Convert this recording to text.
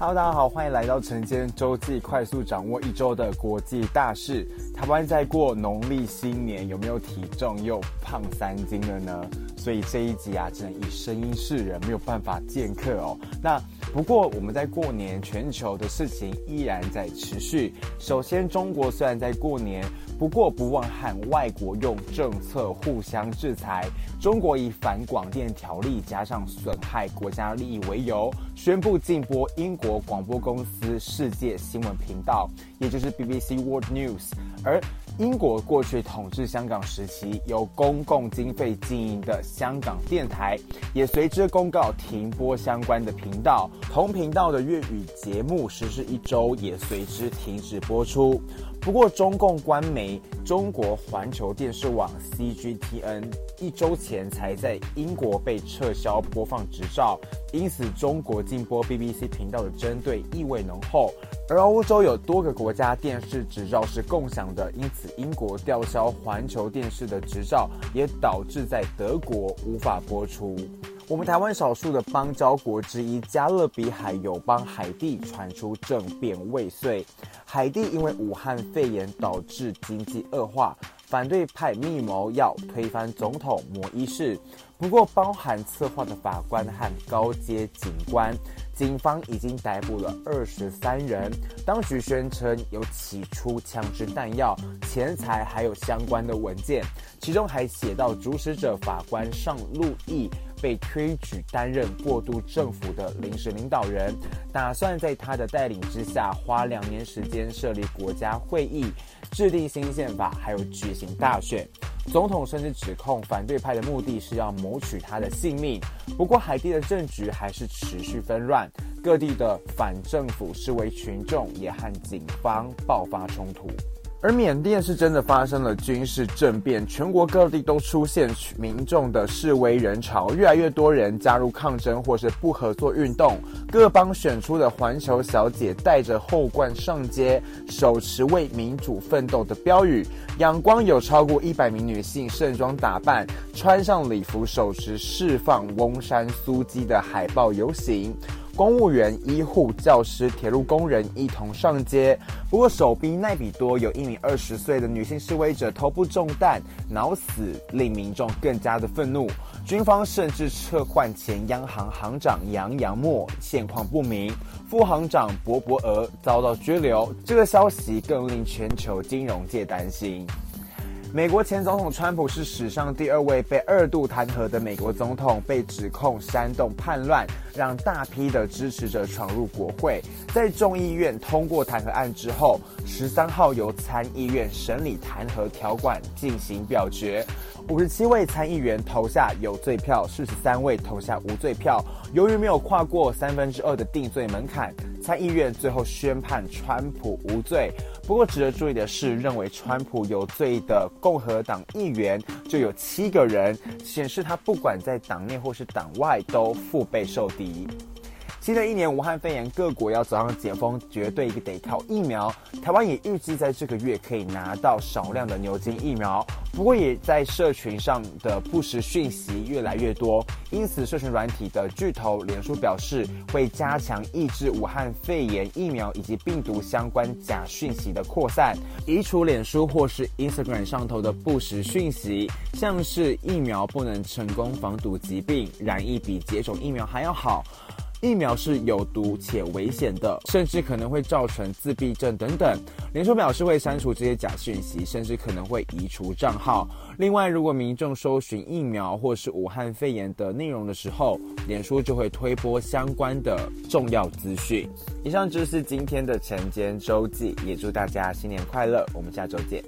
Hello，大家好，歡迎來到辰間週記，快速掌握一周的國際大事。台灣在過農曆新年，有沒有體重又胖三斤了呢？所以這一集啊，只能以聲音示人，沒有辦法見客哦。那不過我們在過年，全球的事情依然在持續。首先，中國雖然在過年，不過不忘和外國用政策互相制裁。中國以反廣電條例加上損害國家利益為由，宣布禁播英國廣播公司世界新聞頻道，也就是 BBC World News。而英國過去統治香港時期，由公共經費經營的香港電台，也隨之公告停播相關的頻道，同頻道的粵語節目實施一周也隨之停止播出。不過，中共官媒中國環球電視網 CGTN 一周前才在英國被撤銷播放執照，因此中國禁播 BBC 頻道的針對意味濃厚。而歐洲有多個國家電視執照是共享的，因此英國吊銷環球電視的執照，也導致在德國無法播出。我們台灣少數的邦交國之一，加勒比海友邦海地傳出政變未遂。海地因為武漢肺炎導致經濟惡化，反對派密謀要推翻總統摩伊士。不過，包含策劃的法官和高階警官，警方已經逮捕了二十三人。當局宣稱有起出槍支彈藥、錢財還有相關的文件，其中還寫到主使者法官尚路易。被推舉擔任過渡政府的臨時領導人，打算在他的帶領之下，花兩年時間設立國家會議，制定新憲法，還有舉行大選。總統甚至指控反對派的目的是要謀取他的性命。不過，海地的政局還是持續紛亂，各地的反政府示威群眾也和警方爆發衝突。而緬甸是真的發生了軍事政變，全國各地都出現民眾的示威人潮，越來越多人加入抗爭或是不合作運動。各方選出的環球小姐帶着後冠上街，手持為民主奮鬥的標語。仰光有超過一百名女性盛裝打扮，穿上禮服，手持釋放翁山蘇姬的海報遊行。公務員、醫護、教師、鐵路工人一同上街。不過首都奈比多有一名二十歲的女性示威者頭部中彈、腦死，令民眾更加的憤怒。軍方甚至撤換前央行行，行長楊楊墨，現況不明；副行長博博爾遭到拘留。這個消息更令全球金融界擔心。美國前總統川普是史上第二位被二度彈劾的美國總統，被指控煽動叛亂，讓大批的支持者闖入國會。在眾議院通過彈劾案之後，十三號由參議院審理彈劾條款進行表決，五十七位參議員投下有罪票，四十三位投下無罪票。由於沒有跨過三分之二的定罪門檻。參議院最後宣判川普無罪。不過值得注意的是，認為川普有罪的共和黨議員就有七個人，顯示他不管在黨內或是黨外都腹背受敵。新的一年武漢肺炎，各國要走上解封，絕對得靠疫苗。台灣也預計在這個月可以拿到少量的牛津疫苗，不過也在社群上的不實訊息越來越多，因此社群軟體的巨頭臉書表示會加強抑制武漢肺炎疫苗以及病毒相關假訊息的擴散，移除臉書或是 Instagram 上頭的不實訊息，像是疫苗不能成功防堵疾病，染疫比接種疫苗還要好。疫苗是有毒且危險的，甚至可能會造成自閉症等等。臉書表示會刪除這些假訊息，甚至可能會移除賬號。另外，如果民眾搜尋疫苗或是武漢肺炎的內容的時候，臉書就會推播相關的重要資訊。以上就是今天的辰間週記，也祝大家新年快樂，我們下週見。